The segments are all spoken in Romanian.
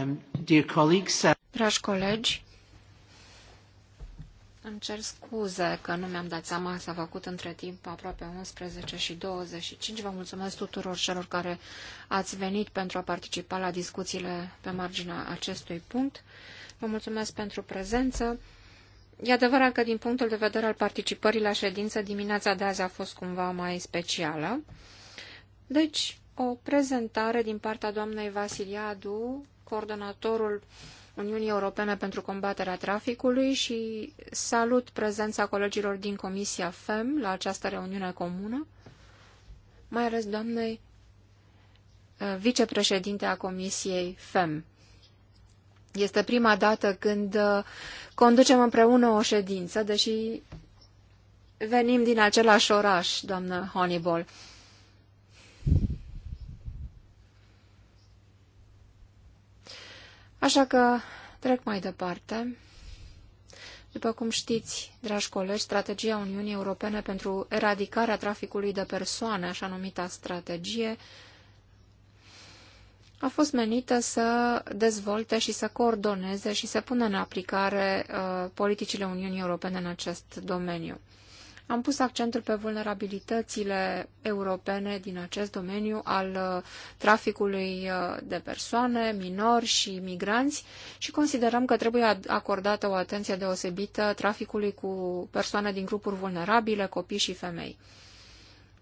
Um, dear colleagues, uh... Dragi colegi, îmi cer scuze că nu mi-am dat seama, s-a făcut între timp aproape 11 și 25. Vă mulțumesc tuturor celor care ați venit pentru a participa la discuțiile pe marginea acestui punct. Vă mulțumesc pentru prezență. E adevărat că din punctul de vedere al participării la ședință, dimineața de azi a fost cumva mai specială. Deci, o prezentare din partea doamnei Vasiliadu coordonatorul Uniunii Europene pentru combaterea traficului și salut prezența colegilor din Comisia FEM la această reuniune comună, mai ales doamnei uh, vicepreședinte a Comisiei FEM. Este prima dată când uh, conducem împreună o ședință, deși venim din același oraș, doamnă Honeyball. Așa că trec mai departe. După cum știți, dragi colegi, strategia Uniunii Europene pentru eradicarea traficului de persoane, așa numita strategie, a fost menită să dezvolte și să coordoneze și să pună în aplicare uh, politicile Uniunii Europene în acest domeniu. Am pus accentul pe vulnerabilitățile europene din acest domeniu al uh, traficului uh, de persoane, minori și migranți și considerăm că trebuie acordată o atenție deosebită traficului cu persoane din grupuri vulnerabile, copii și femei.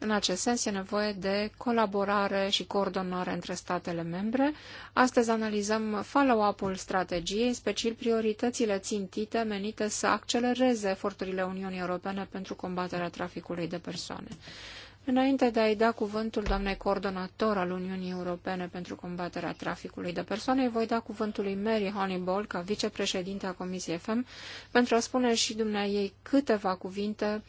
În acest sens e nevoie de colaborare și coordonare între statele membre. Astăzi analizăm follow-up-ul strategiei, special prioritățile țintite menite să accelereze eforturile Uniunii Europene pentru combaterea traficului de persoane. Înainte de a-i da cuvântul doamnei coordonator al Uniunii Europene pentru combaterea traficului de persoane, voi da cuvântul lui Mary Honeyball ca vicepreședinte a Comisiei FM pentru a spune și dumneai ei câteva cuvinte uh,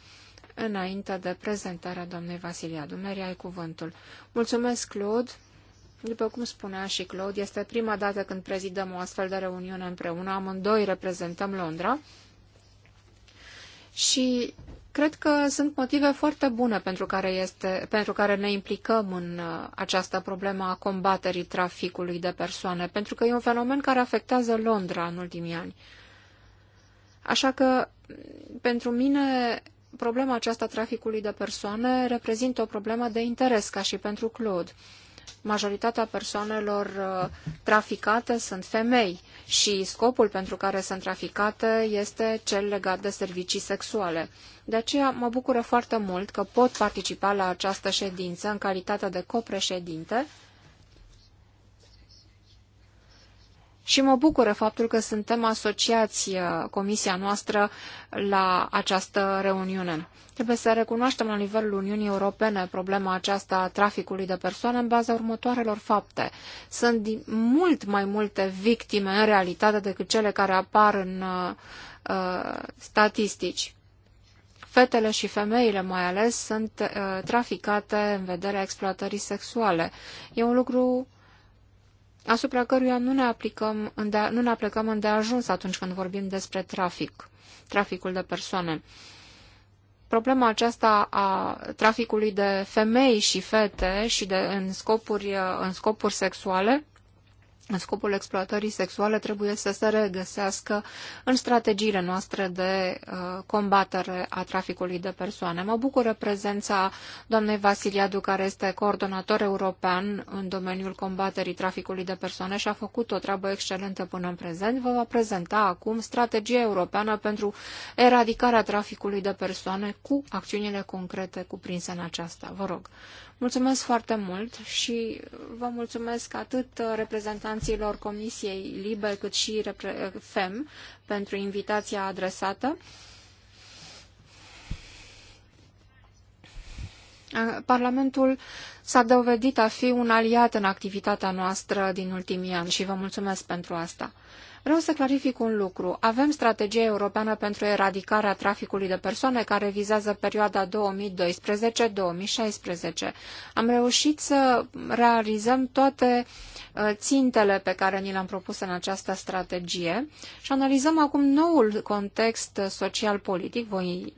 înainte de prezentarea doamnei Vasilia Dumeri. Ai cuvântul. Mulțumesc, Claude. După cum spunea și Claude, este prima dată când prezidăm o astfel de reuniune împreună. Amândoi reprezentăm Londra. Și cred că sunt motive foarte bune pentru care, este, pentru care ne implicăm în uh, această problemă a combaterii traficului de persoane, pentru că e un fenomen care afectează Londra în ultimii ani. Așa că, pentru mine, problema aceasta traficului de persoane reprezintă o problemă de interes, ca și pentru Claude. Majoritatea persoanelor uh, traficate sunt femei și scopul pentru care sunt traficate este cel legat de servicii sexuale. De aceea mă bucură foarte mult că pot participa la această ședință în calitate de copreședinte Și mă bucură faptul că suntem asociați uh, comisia noastră la această reuniune. Trebuie să recunoaștem la nivelul Uniunii Europene problema aceasta a traficului de persoane în baza următoarelor fapte. Sunt mult mai multe victime în realitate decât cele care apar în uh, uh, statistici. Fetele și femeile mai ales sunt uh, traficate în vederea exploatării sexuale. E un lucru uh, asupra căruia nu ne, aplicăm, nu ne aplicăm îndeajuns atunci când vorbim despre trafic, traficul de persoane. Problema aceasta a traficului de femei și fete și de, în, scopuri, în scopuri sexuale în scopul exploatării sexuale trebuie să se regăsească în strategiile noastre de uh, combatere a traficului de persoane. Mă bucură prezența doamnei Vasiliadu, care este coordonator european în domeniul combaterii traficului de persoane și a făcut o treabă excelentă până în prezent. Vă va prezenta acum strategia europeană pentru eradicarea traficului de persoane cu acțiunile concrete cuprinse în aceasta. Vă rog. Mulțumesc foarte mult și vă mulțumesc atât reprezentanților Comisiei Libe cât și FEM pentru invitația adresată. Parlamentul s-a dovedit a fi un aliat în activitatea noastră din ultimii ani și vă mulțumesc pentru asta. Vreau să clarific un lucru. Avem strategia europeană pentru eradicarea traficului de persoane care vizează perioada 2012-2016. Am reușit să realizăm toate uh, țintele pe care ni le-am propus în această strategie și analizăm acum noul context social-politic, voi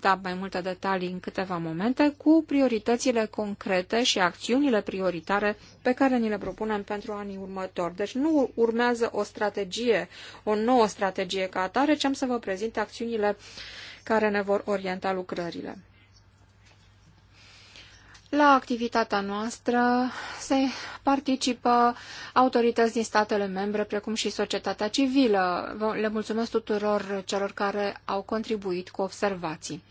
da mai multe detalii în câteva momente, cu prioritățile concrete și acțiunile prioritare pe care ni le propunem pentru anii următori. Deci nu urmează o strategie strategie, o nouă strategie ca atare, ce am să vă prezint acțiunile care ne vor orienta lucrările. La activitatea noastră se participă autorități din statele membre, precum și societatea civilă. Le mulțumesc tuturor celor care au contribuit cu observații.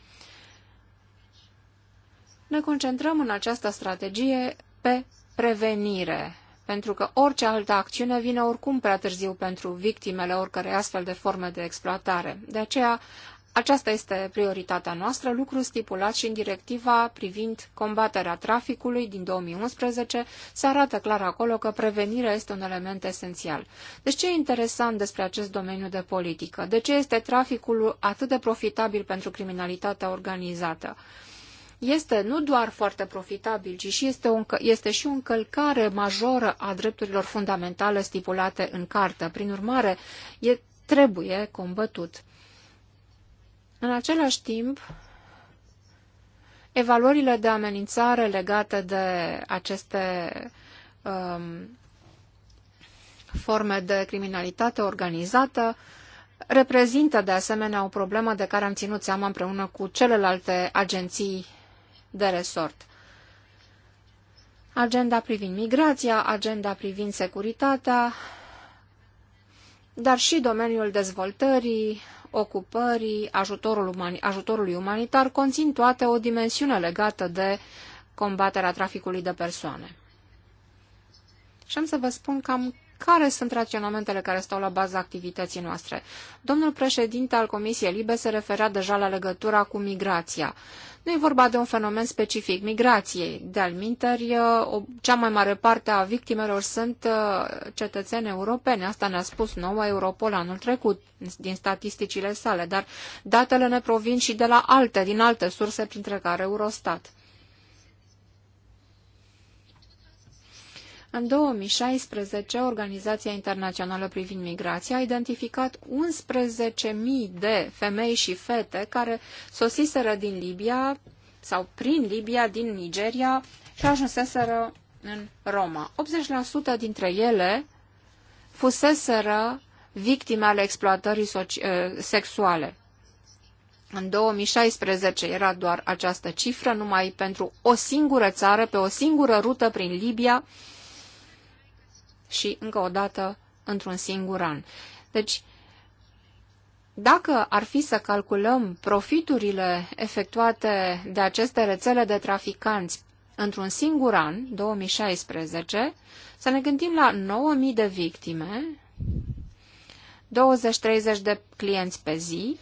Ne concentrăm în această strategie pe prevenire, pentru că orice altă acțiune vine oricum prea târziu pentru victimele oricărei astfel de forme de exploatare. De aceea, aceasta este prioritatea noastră, lucru stipulat și în directiva privind combaterea traficului din 2011, se arată clar acolo că prevenirea este un element esențial. Deci ce e interesant despre acest domeniu de politică? De ce este traficul atât de profitabil pentru criminalitatea organizată? este nu doar foarte profitabil, ci și este, o, este și o încălcare majoră a drepturilor fundamentale stipulate în cartă. Prin urmare, e, trebuie combătut. În același timp, evaluările de amenințare legate de aceste um, forme de criminalitate organizată reprezintă de asemenea o problemă de care am ținut seama împreună cu celelalte agenții de resort. Agenda privind migrația, agenda privind securitatea, dar și domeniul dezvoltării, ocupării, ajutorul umani, ajutorului umanitar conțin toate o dimensiune legată de combaterea traficului de persoane. Și am să vă spun cam care sunt raționamentele care stau la baza activității noastre. Domnul președinte al Comisiei Libe se referea deja la legătura cu migrația. Nu e vorba de un fenomen specific migrației. De-al minteri, uh, cea mai mare parte a victimelor sunt uh, cetățeni europeni. Asta ne-a spus noua Europol anul trecut din statisticile sale, dar datele ne provin și de la alte, din alte surse, printre care Eurostat. În 2016, Organizația Internațională privind Migrația a identificat 11.000 de femei și fete care sosiseră din Libia sau prin Libia, din Nigeria și ajunseseră în Roma. 80% dintre ele fuseseră victime ale exploatării eh, sexuale. În 2016 era doar această cifră, numai pentru o singură țară, pe o singură rută prin Libia, și încă o dată într-un singur an. Deci, dacă ar fi să calculăm profiturile efectuate de aceste rețele de traficanți într-un singur an, 2016, să ne gândim la 9.000 de victime, 20-30 de clienți pe zi,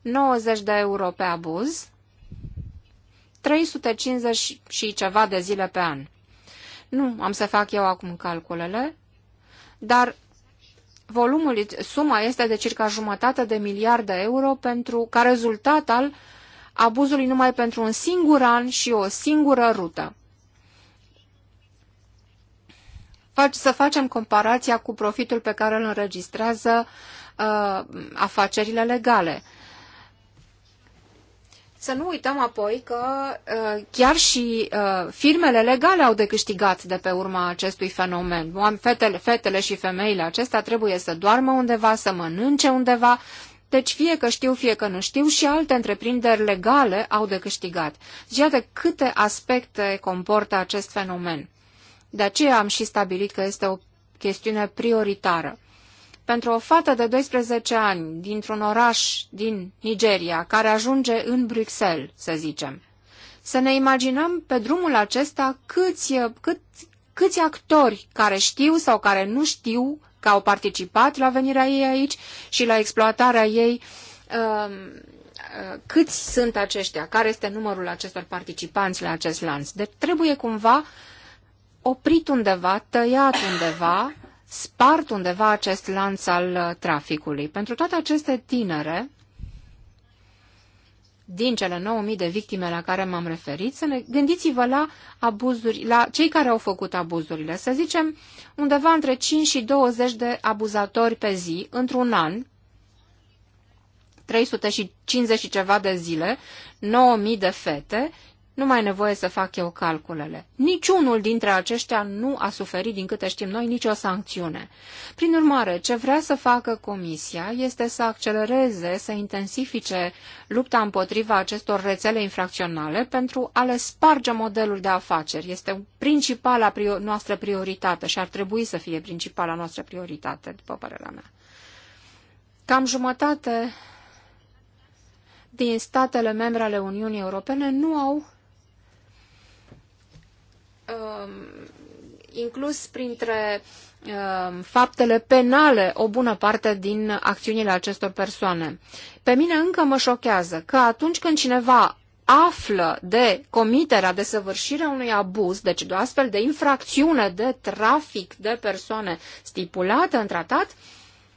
90 de euro pe abuz, 350 și ceva de zile pe an. Nu, am să fac eu acum calculele, dar volumul, suma este de circa jumătate de miliard de euro pentru, ca rezultat al abuzului numai pentru un singur an și o singură rută. Să facem comparația cu profitul pe care îl înregistrează uh, afacerile legale. Să nu uităm apoi că uh, chiar și uh, firmele legale au de câștigat de pe urma acestui fenomen. Fetele, fetele și femeile acestea trebuie să doarmă undeva, să mănânce undeva, deci fie că știu, fie că nu știu și alte întreprinderi legale au de câștigat. Deci iată câte aspecte comportă acest fenomen. De aceea am și stabilit că este o chestiune prioritară pentru o fată de 12 ani dintr-un oraș din Nigeria care ajunge în Bruxelles, să zicem. Să ne imaginăm pe drumul acesta câți, cât, câți actori care știu sau care nu știu că au participat la venirea ei aici și la exploatarea ei, um, uh, câți sunt aceștia, care este numărul acestor participanți la acest lanț. Deci trebuie cumva oprit undeva, tăiat undeva spart undeva acest lanț al uh, traficului. Pentru toate aceste tinere, din cele 9.000 de victime la care m-am referit, să ne gândiți-vă la abuzuri, la cei care au făcut abuzurile, să zicem undeva între 5 și 20 de abuzatori pe zi, într-un an, 350 și ceva de zile, 9.000 de fete nu mai nevoie să fac eu calculele. Niciunul dintre aceștia nu a suferit, din câte știm noi, nicio sancțiune. Prin urmare, ce vrea să facă Comisia este să accelereze, să intensifice lupta împotriva acestor rețele infracționale pentru a le sparge modelul de afaceri. Este principala prior noastră prioritate și ar trebui să fie principala noastră prioritate, după părerea mea. Cam jumătate din statele membre ale Uniunii Europene nu au Um, inclus printre um, faptele penale o bună parte din acțiunile acestor persoane. Pe mine încă mă șochează că atunci când cineva află de comiterea, de săvârșirea unui abuz, deci de astfel de infracțiune de trafic de persoane stipulată în tratat,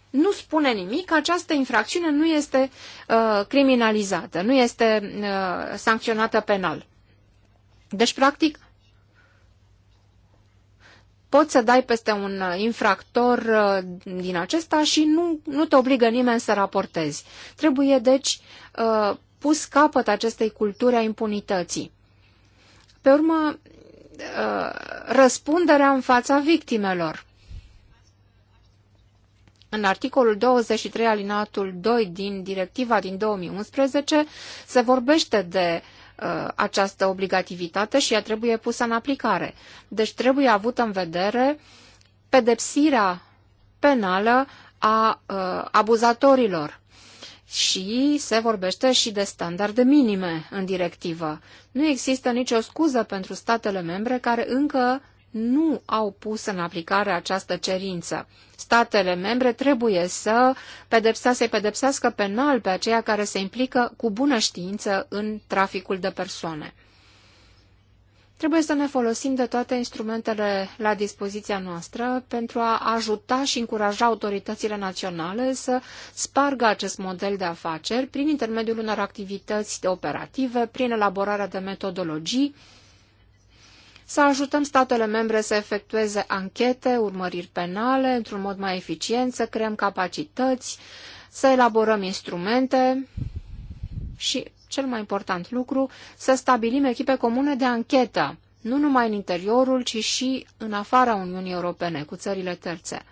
nu spune nimic, că această infracțiune nu este uh, criminalizată, nu este uh, sancționată penal. Deci, practic, poți să dai peste un uh, infractor uh, din acesta și nu, nu te obligă nimeni să raportezi. Trebuie, deci, uh, pus capăt acestei culturi a impunității. Pe urmă, răspunderea în fața victimelor. În articolul 23 alinatul 2 din directiva din 2011 se vorbește de uh, Uh, această obligativitate și ea trebuie pusă în aplicare. Deci trebuie avută în vedere pedepsirea penală a uh, abuzatorilor. Și se vorbește și de standarde minime în directivă. Nu există nicio scuză pentru statele membre care încă nu au pus în aplicare această cerință. Statele membre trebuie să pedepsa, se pedepsească penal pe aceia care se implică cu bună știință în traficul de persoane. Trebuie să ne folosim de toate instrumentele la dispoziția noastră pentru a ajuta și încuraja autoritățile naționale să spargă acest model de afaceri prin intermediul unor activități operative, prin elaborarea de metodologii, să ajutăm statele membre să efectueze anchete, urmăriri penale într-un mod mai eficient, să creăm capacități, să elaborăm instrumente și, cel mai important lucru, să stabilim echipe comune de anchetă, nu numai în interiorul, ci și în afara Uniunii Europene, cu țările terțe.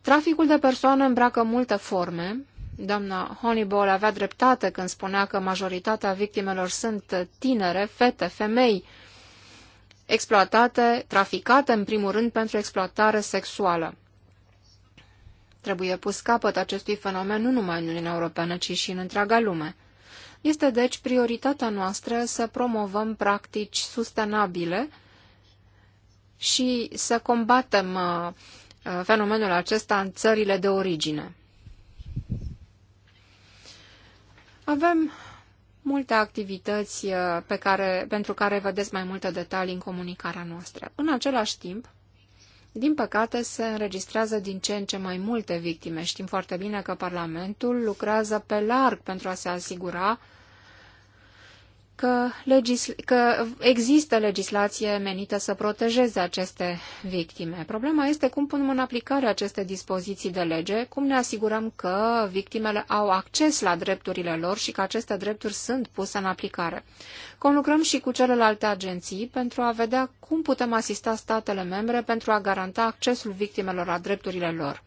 Traficul de persoane îmbracă multe forme. Doamna Honeyball avea dreptate când spunea că majoritatea victimelor sunt tinere, fete, femei, exploatate, traficate în primul rând pentru exploatare sexuală. Trebuie pus capăt acestui fenomen nu numai în Uniunea Europeană, ci și în întreaga lume. Este deci prioritatea noastră să promovăm practici sustenabile și să combatem uh, uh, fenomenul acesta în țările de origine. Avem multe activități uh, pe care, pentru care vedeți mai multe detalii în comunicarea noastră. În același timp, din păcate, se înregistrează din ce în ce mai multe victime. Știm foarte bine că Parlamentul lucrează pe larg pentru a se asigura că, legisl- că există legislație menită să protejeze aceste victime. Problema este cum punem în aplicare aceste dispoziții de lege, cum ne asigurăm că victimele au acces la drepturile lor și că aceste drepturi sunt puse în aplicare. Conlucrăm și cu celelalte agenții pentru a vedea cum putem asista statele membre pentru a garanta accesul victimelor la drepturile lor.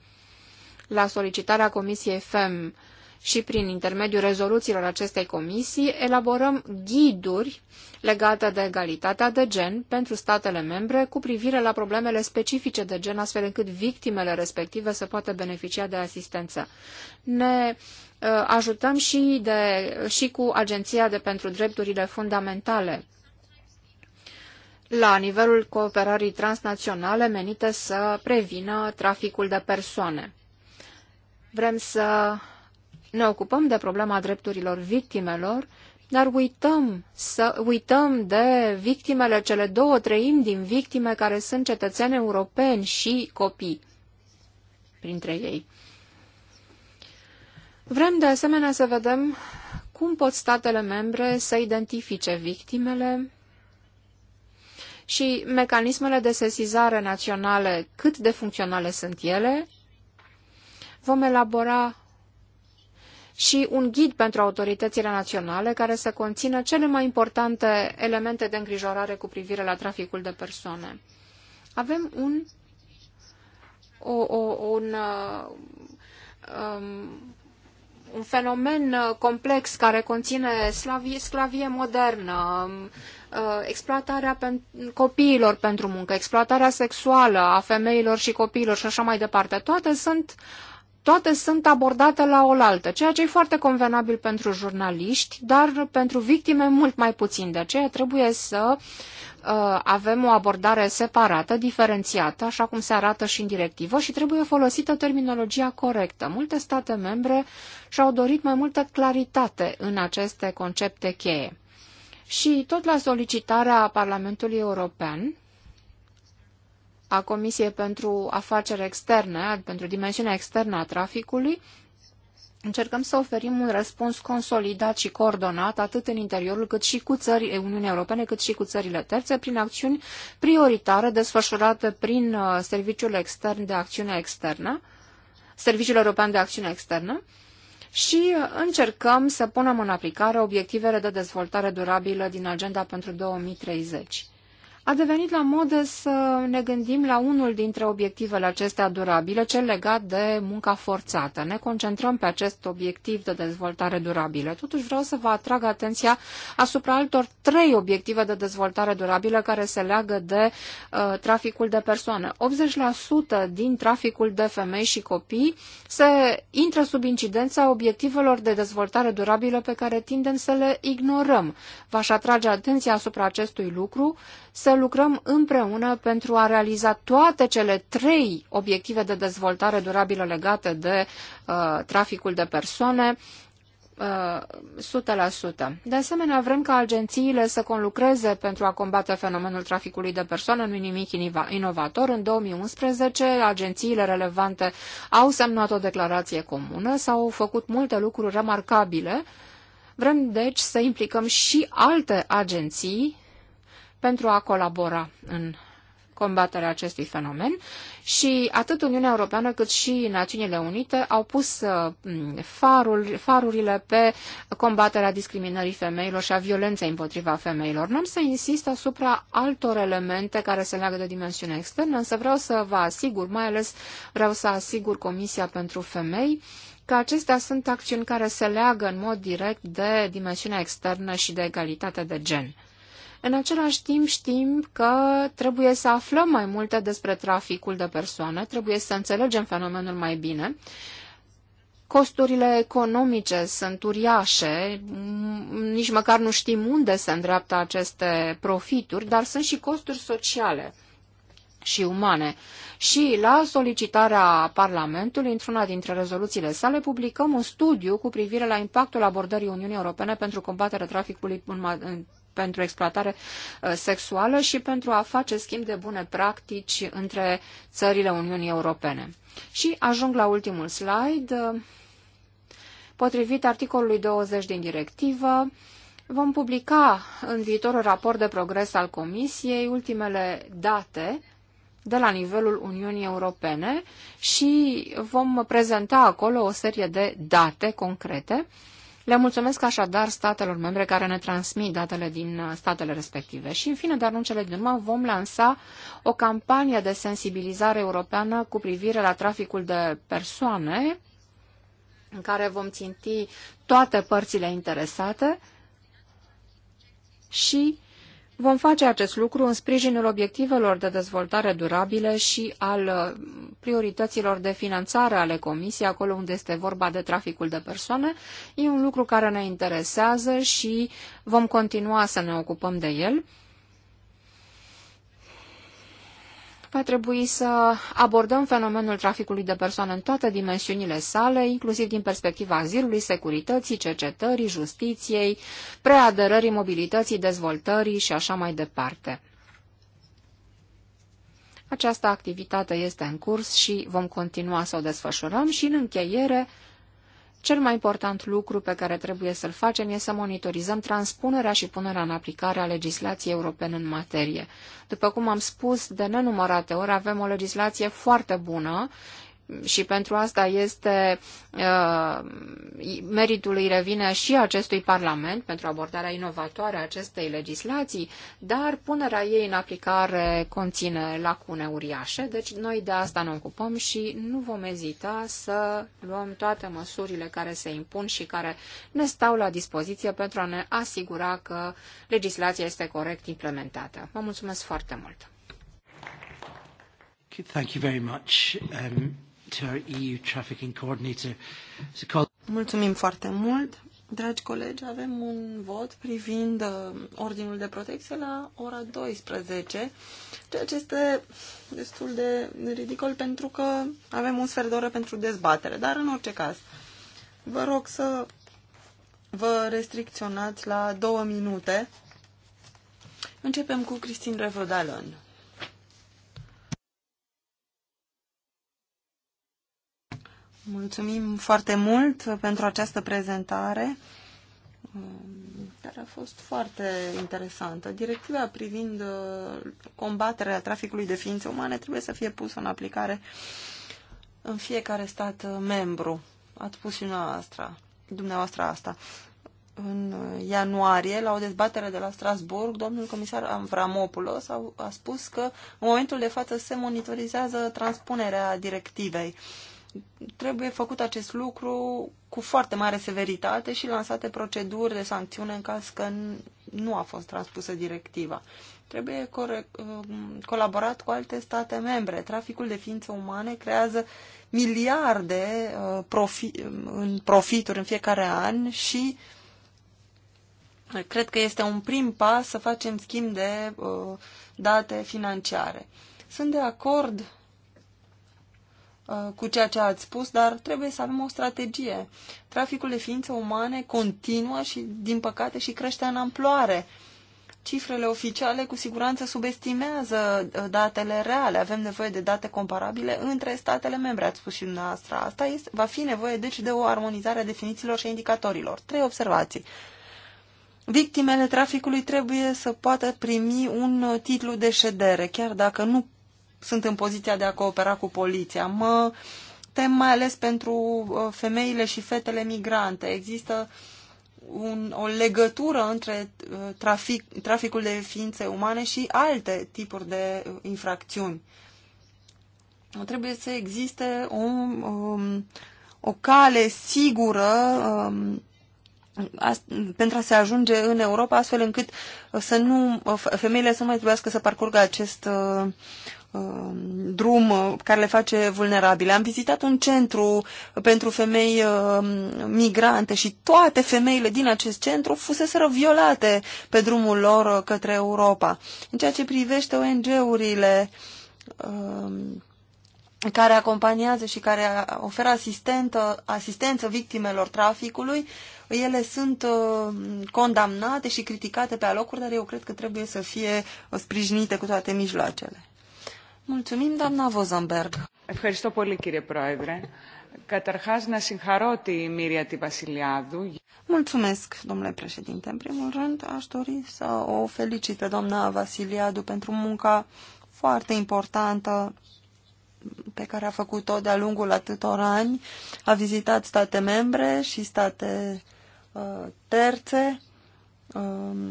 La solicitarea Comisiei FEM și prin intermediul rezoluțiilor acestei comisii elaborăm ghiduri legate de egalitatea de gen pentru statele membre cu privire la problemele specifice de gen, astfel încât victimele respective să poată beneficia de asistență. Ne uh, ajutăm și, de, și cu Agenția de pentru Drepturile Fundamentale la nivelul cooperării transnaționale menite să prevină traficul de persoane. Vrem să ne ocupăm de problema drepturilor victimelor, dar uităm, să uităm de victimele, cele două treimi din victime care sunt cetățeni europeni și copii printre ei. Vrem de asemenea să vedem cum pot statele membre să identifice victimele și mecanismele de sesizare naționale, cât de funcționale sunt ele. Vom elabora și un ghid pentru autoritățile naționale care să conțină cele mai importante elemente de îngrijorare cu privire la traficul de persoane. Avem un, o, o, un, uh, um, un fenomen uh, complex care conține slavie, sclavie modernă, um, uh, exploatarea copiilor pentru muncă, exploatarea sexuală a femeilor și copiilor și așa mai departe. Toate sunt toate sunt abordate la oaltă, ceea ce e foarte convenabil pentru jurnaliști, dar pentru victime mult mai puțin. De aceea trebuie să uh, avem o abordare separată, diferențiată, așa cum se arată și în directivă și trebuie folosită terminologia corectă. Multe state membre și-au dorit mai multă claritate în aceste concepte cheie. Și tot la solicitarea Parlamentului European, a Comisiei pentru Afaceri Externe, pentru dimensiunea externă a traficului, încercăm să oferim un răspuns consolidat și coordonat atât în interiorul cât și cu țări Uniunii Europene, cât și cu țările terțe, prin acțiuni prioritare desfășurate prin uh, Serviciul Extern de Acțiune Externă, Serviciul European de Acțiune Externă, și uh, încercăm să punem în aplicare obiectivele de dezvoltare durabilă din Agenda pentru 2030 a devenit la modă să ne gândim la unul dintre obiectivele acestea durabile, cel legat de munca forțată. Ne concentrăm pe acest obiectiv de dezvoltare durabilă. Totuși vreau să vă atrag atenția asupra altor trei obiective de dezvoltare durabilă care se leagă de uh, traficul de persoane. 80% din traficul de femei și copii se intră sub incidența obiectivelor de dezvoltare durabilă pe care tindem să le ignorăm. V-aș atrage atenția asupra acestui lucru, să lucrăm împreună pentru a realiza toate cele trei obiective de dezvoltare durabilă legate de uh, traficul de persoane, 100%. Uh, de asemenea, vrem ca agențiile să conlucreze pentru a combate fenomenul traficului de persoane, nu nimic inovator. În 2011, agențiile relevante au semnat o declarație comună, s-au făcut multe lucruri remarcabile. Vrem, deci, să implicăm și alte agenții pentru a colabora în combaterea acestui fenomen și atât Uniunea Europeană cât și Națiunile Unite au pus uh, farul, farurile pe combaterea discriminării femeilor și a violenței împotriva femeilor. N-am să insist asupra altor elemente care se leagă de dimensiunea externă, însă vreau să vă asigur, mai ales vreau să asigur Comisia pentru Femei, că acestea sunt acțiuni care se leagă în mod direct de dimensiunea externă și de egalitate de gen. În același timp știm că trebuie să aflăm mai multe despre traficul de persoane, trebuie să înțelegem fenomenul mai bine. Costurile economice sunt uriașe, nici măcar nu știm unde se îndreaptă aceste profituri, dar sunt și costuri sociale și umane. Și la solicitarea Parlamentului, într-una dintre rezoluțiile sale, publicăm un studiu cu privire la impactul abordării Uniunii Europene pentru combaterea traficului în pentru exploatare uh, sexuală și pentru a face schimb de bune practici între țările Uniunii Europene. Și ajung la ultimul slide. Potrivit articolului 20 din directivă, vom publica în viitorul raport de progres al Comisiei ultimele date de la nivelul Uniunii Europene și vom prezenta acolo o serie de date concrete le mulțumesc așadar statelor membre care ne transmit datele din uh, statele respective. Și, în fine, dar nu cele din urmă, vom lansa o campanie de sensibilizare europeană cu privire la traficul de persoane, în care vom ținti toate părțile interesate și Vom face acest lucru în sprijinul obiectivelor de dezvoltare durabile și al uh, priorităților de finanțare ale Comisiei, acolo unde este vorba de traficul de persoane. E un lucru care ne interesează și vom continua să ne ocupăm de el. va trebui să abordăm fenomenul traficului de persoane în toate dimensiunile sale, inclusiv din perspectiva azilului, securității, cercetării, justiției, preaderării, mobilității, dezvoltării și așa mai departe. Această activitate este în curs și vom continua să o desfășurăm și în încheiere cel mai important lucru pe care trebuie să-l facem este să monitorizăm transpunerea și punerea în aplicare a legislației europene în materie. După cum am spus, de nenumărate ori avem o legislație foarte bună și pentru asta este uh, meritul îi revine și acestui Parlament pentru abordarea inovatoare a acestei legislații, dar punerea ei în aplicare conține lacune uriașe, deci noi de asta ne ocupăm și nu vom ezita să luăm toate măsurile care se impun și care ne stau la dispoziție pentru a ne asigura că legislația este corect implementată. Vă mulțumesc foarte mult! Thank you very much. Um... Mulțumim foarte mult. Dragi colegi, avem un vot privind uh, ordinul de protecție la ora 12, ceea ce este destul de ridicol pentru că avem un sfert de oră pentru dezbatere, dar în orice caz, vă rog să vă restricționați la două minute. Începem cu Cristin Revodalon. Mulțumim foarte mult pentru această prezentare care a fost foarte interesantă. Directiva privind uh, combaterea traficului de ființe umane trebuie să fie pusă în aplicare în fiecare stat uh, membru. Ați spus și noastră, dumneavoastră asta. În ianuarie, la o dezbatere de la Strasburg, domnul comisar Avramopoulos a, a spus că în momentul de față se monitorizează transpunerea directivei trebuie făcut acest lucru cu foarte mare severitate și lansate proceduri de sancțiune în caz că nu a fost transpusă directiva. Trebuie um, colaborat cu alte state membre. Traficul de ființe umane creează miliarde uh, profi în profituri în fiecare an și uh, cred că este un prim pas să facem schimb de uh, date financiare. Sunt de acord Uh, cu ceea ce ați spus, dar trebuie să avem o strategie. Traficul de ființe umane continuă și, din păcate, și crește în amploare. Cifrele oficiale cu siguranță subestimează uh, datele reale. Avem nevoie de date comparabile între statele membre, ați spus și dumneavoastră. Asta este, va fi nevoie, deci, de o armonizare a definițiilor și a indicatorilor. Trei observații. Victimele traficului trebuie să poată primi un uh, titlu de ședere, chiar dacă nu sunt în poziția de a coopera cu poliția. Mă tem mai ales pentru uh, femeile și fetele migrante. Există un, o legătură între uh, trafic, traficul de ființe umane și alte tipuri de uh, infracțiuni. Trebuie să existe o, um, o cale sigură um, pentru a se ajunge în Europa, astfel încât să nu, femeile să nu mai trebuiască să parcurgă acest Um, drum uh, care le face vulnerabile. Am vizitat un centru pentru femei um, migrante și toate femeile din acest centru fuseseră violate pe drumul lor uh, către Europa. În ceea ce privește ONG-urile um, care acompaniază și care oferă asistentă, asistență victimelor traficului, ele sunt uh, condamnate și criticate pe alocuri, dar eu cred că trebuie să fie sprijinite cu toate mijloacele. Mulțumim, doamna Vozamberg. Ευχαριστώ πολύ, κύριε Καταρχάς, να συγχαρώ τη Μύρια τη Βασιλιάδου. Mulțumesc, domnule președinte. În primul rând, aș dori să o felicit pe doamna Vasiliadu pentru munca foarte importantă pe care a făcut-o de-a lungul atâtor ani. A vizitat state membre și state uh, terțe. Uh,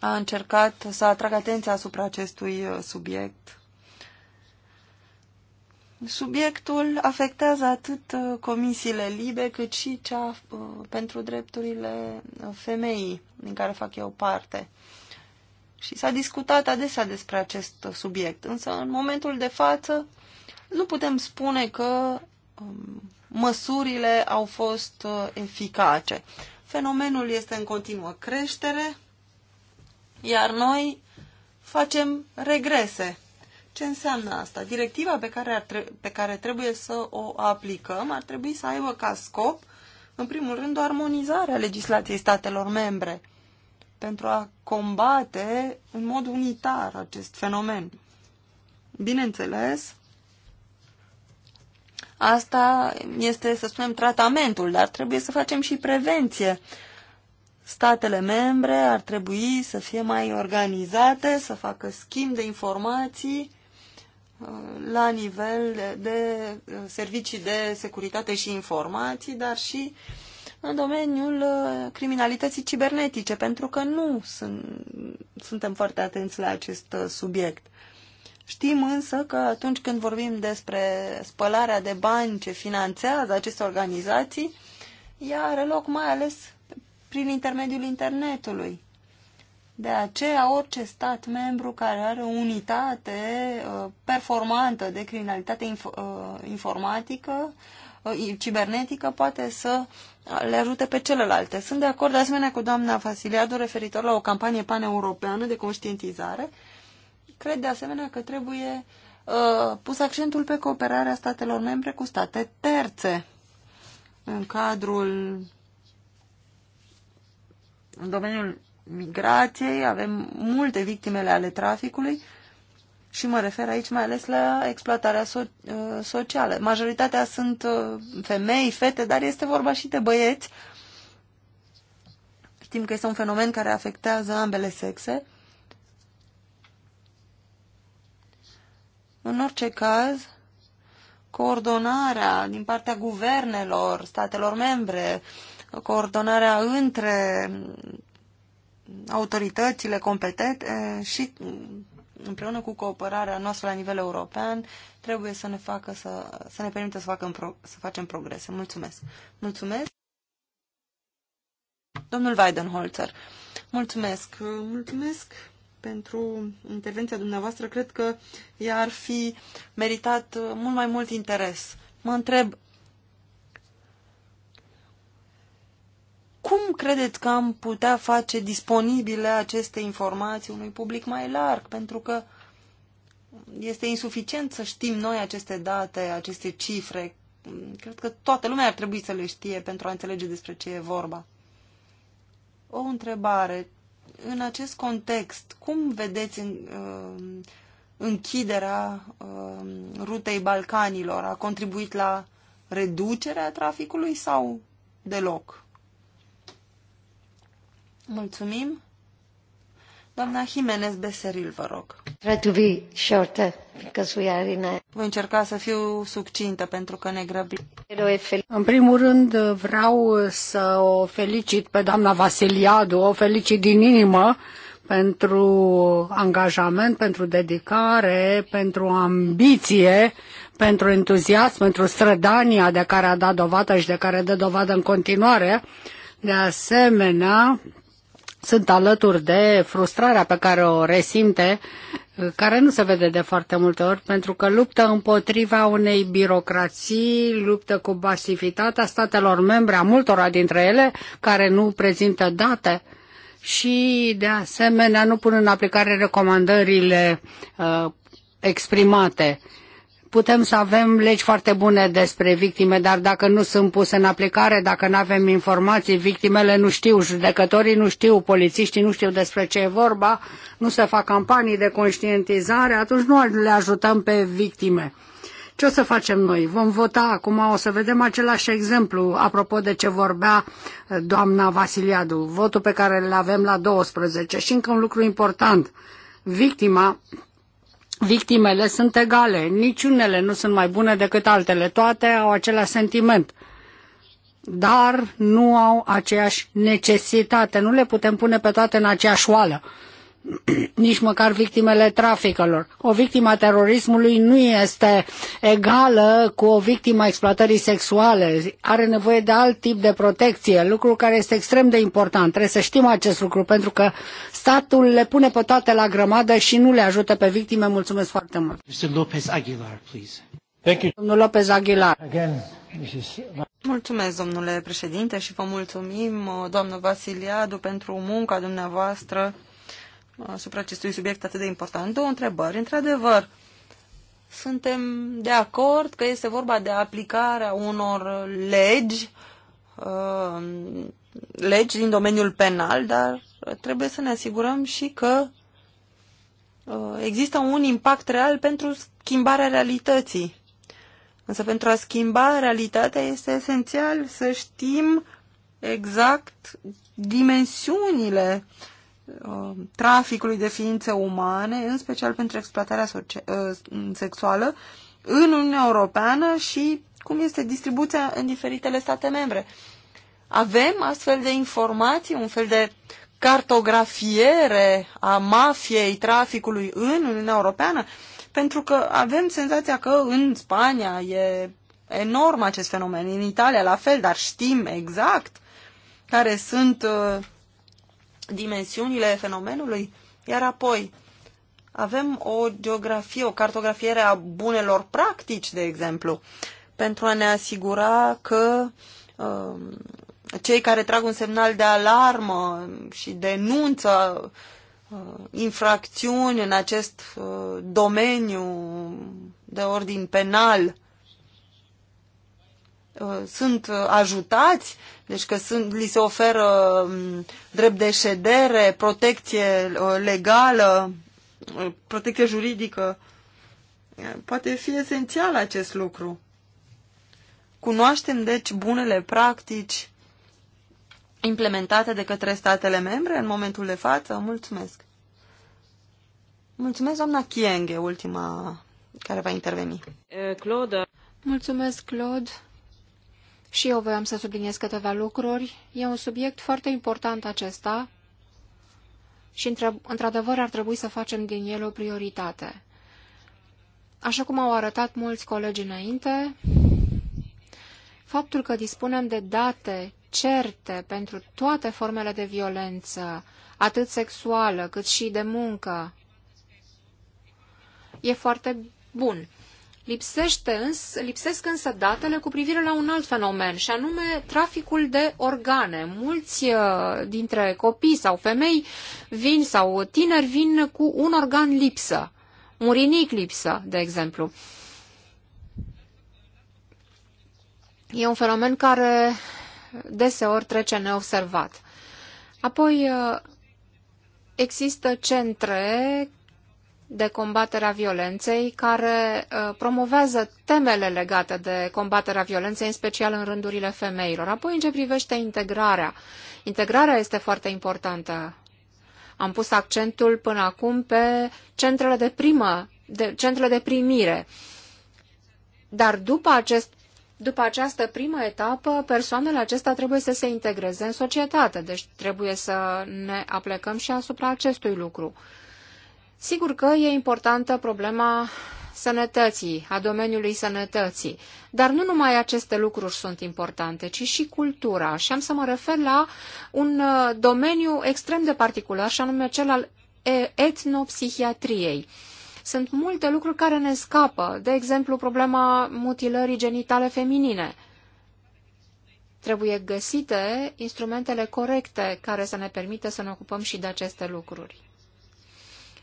a încercat să atragă atenția asupra acestui uh, subiect Subiectul afectează atât uh, comisiile libe cât și cea uh, pentru drepturile uh, femeii din care fac eu parte. Și s-a discutat adesea despre acest subiect, însă în momentul de față nu putem spune că um, măsurile au fost eficace. Fenomenul este în continuă creștere, iar noi facem regrese ce înseamnă asta? Directiva pe care, ar tre- pe care trebuie să o aplicăm ar trebui să aibă ca scop, în primul rând, o armonizare a legislației statelor membre pentru a combate în mod unitar acest fenomen. Bineînțeles, asta este, să spunem, tratamentul, dar trebuie să facem și prevenție. Statele membre ar trebui să fie mai organizate, să facă schimb de informații Uh, la nivel de uh, servicii de securitate și informații, dar și în domeniul uh, criminalității cibernetice, pentru că nu sunt, suntem foarte atenți la acest subiect. Știm însă că atunci când vorbim despre spălarea de bani ce finanțează aceste organizații, ea are loc mai ales prin intermediul internetului. De aceea, orice stat membru care are o unitate uh, performantă de criminalitate inf- uh, informatică, uh, cibernetică, poate să le ajute pe celelalte. Sunt de acord de asemenea cu doamna Vasiliadu referitor la o campanie paneuropeană de conștientizare. Cred de asemenea că trebuie pus accentul pe cooperarea statelor membre cu state terțe în cadrul în domeniul migrației, avem multe victimele ale traficului și mă refer aici mai ales la exploatarea so- uh, socială. Majoritatea sunt uh, femei, fete, dar este vorba și de băieți. Știm că este un fenomen care afectează ambele sexe. În orice caz, coordonarea din partea guvernelor, statelor membre, coordonarea între autoritățile competente și împreună cu cooperarea noastră la nivel european trebuie să ne facă să, să ne permită să, facă pro, să facem progrese. Mulțumesc! Mulțumesc! Domnul Weidenholzer, mulțumesc! Mulțumesc pentru intervenția dumneavoastră. Cred că i ar fi meritat mult mai mult interes. Mă întreb Cum credeți că am putea face disponibile aceste informații unui public mai larg? Pentru că este insuficient să știm noi aceste date, aceste cifre. Cred că toată lumea ar trebui să le știe pentru a înțelege despre ce e vorba. O întrebare. În acest context, cum vedeți în, uh, închiderea uh, rutei Balcanilor? A contribuit la reducerea traficului sau deloc? Mulțumim. Doamna Jimenez Beseril, vă rog. Try to be shorter, because we are in a... Voi încerca să fiu succintă, pentru că ne grăbim. În primul rând, vreau să o felicit pe doamna Vasiliadu, o felicit din inimă, pentru angajament, pentru dedicare, pentru ambiție, pentru entuziasm, pentru strădania de care a dat dovadă și de care dă dovadă în continuare. De asemenea, sunt alături de frustrarea pe care o resimte, care nu se vede de foarte multe ori, pentru că luptă împotriva unei birocrații, luptă cu basivitatea statelor membre, a multora dintre ele, care nu prezintă date și, de asemenea, nu pun în aplicare recomandările uh, exprimate putem să avem legi foarte bune despre victime, dar dacă nu sunt puse în aplicare, dacă nu avem informații, victimele nu știu, judecătorii nu știu, polițiștii nu știu despre ce e vorba, nu se fac campanii de conștientizare, atunci nu le ajutăm pe victime. Ce o să facem noi? Vom vota acum, o să vedem același exemplu, apropo de ce vorbea eh, doamna Vasiliadu, votul pe care îl avem la 12. Și încă un lucru important, victima victimele sunt egale, niciunele nu sunt mai bune decât altele, toate au același sentiment, dar nu au aceeași necesitate, nu le putem pune pe toate în aceeași oală nici măcar victimele traficelor. O victimă a terorismului nu este egală cu o victimă a exploatării sexuale. Are nevoie de alt tip de protecție, lucru care este extrem de important. Trebuie să știm acest lucru, pentru că statul le pune pe toate la grămadă și nu le ajută pe victime. Mulțumesc foarte mult. Mr. Lopez Aguilar, please. Thank you. Domnul Lopez Aguilar. Again, is. Mulțumesc, domnule președinte, și vă mulțumim, doamnă Vasiliadu, pentru munca dumneavoastră asupra acestui subiect atât de important. Două întrebări. Într-adevăr, suntem de acord că este vorba de aplicarea unor legi, uh, legi din domeniul penal, dar trebuie să ne asigurăm și că uh, există un impact real pentru schimbarea realității. Însă pentru a schimba realitatea este esențial să știm exact dimensiunile uh, Uh, traficului de ființe umane, în special pentru exploatarea uh, sexuală, în Uniunea Europeană și cum este distribuția în diferitele state membre. Avem astfel de informații, un fel de cartografiere a mafiei traficului în Uniunea Europeană, pentru că avem senzația că în Spania e enorm acest fenomen, în Italia la fel, dar știm exact care sunt uh, dimensiunile fenomenului, iar apoi avem o geografie, o cartografiere a bunelor practici, de exemplu, pentru a ne asigura că uh, cei care trag un semnal de alarmă și denunță uh, infracțiuni în acest uh, domeniu de ordin penal Uh, sunt ajutați, deci că sunt, li se oferă um, drept de ședere, protecție uh, legală, uh, protecție juridică. Poate fi esențial acest lucru. Cunoaștem, deci, bunele practici implementate de către statele membre în momentul de față? Mulțumesc! Mulțumesc, doamna Chienghe, ultima care va interveni. Eh, Claude. Mulțumesc, Claude. Și eu voiam să subliniez câteva lucruri. E un subiect foarte important acesta și, într-adevăr, ar trebui să facem din el o prioritate. Așa cum au arătat mulți colegi înainte, faptul că dispunem de date certe pentru toate formele de violență, atât sexuală cât și de muncă, e foarte bun. Lipsește îns, lipsesc însă datele cu privire la un alt fenomen, și anume traficul de organe. Mulți uh, dintre copii sau femei vin sau tineri vin cu un organ lipsă, un rinic lipsă, de exemplu. E un fenomen care deseori trece neobservat. Apoi uh, există centre de combatere a violenței, care uh, promovează temele legate de combaterea violenței, în special în rândurile femeilor. Apoi, în ce privește integrarea. Integrarea este foarte importantă. Am pus accentul până acum pe centrele de, primă, de, centrele de primire. Dar după, acest, după această primă etapă, persoanele acestea trebuie să se integreze în societate, deci trebuie să ne aplecăm și asupra acestui lucru. Sigur că e importantă problema sănătății, a domeniului sănătății. Dar nu numai aceste lucruri sunt importante, ci și cultura. Și am să mă refer la un uh, domeniu extrem de particular, și anume cel al etnopsihiatriei. Sunt multe lucruri care ne scapă, de exemplu problema mutilării genitale feminine. Trebuie găsite instrumentele corecte care să ne permită să ne ocupăm și de aceste lucruri.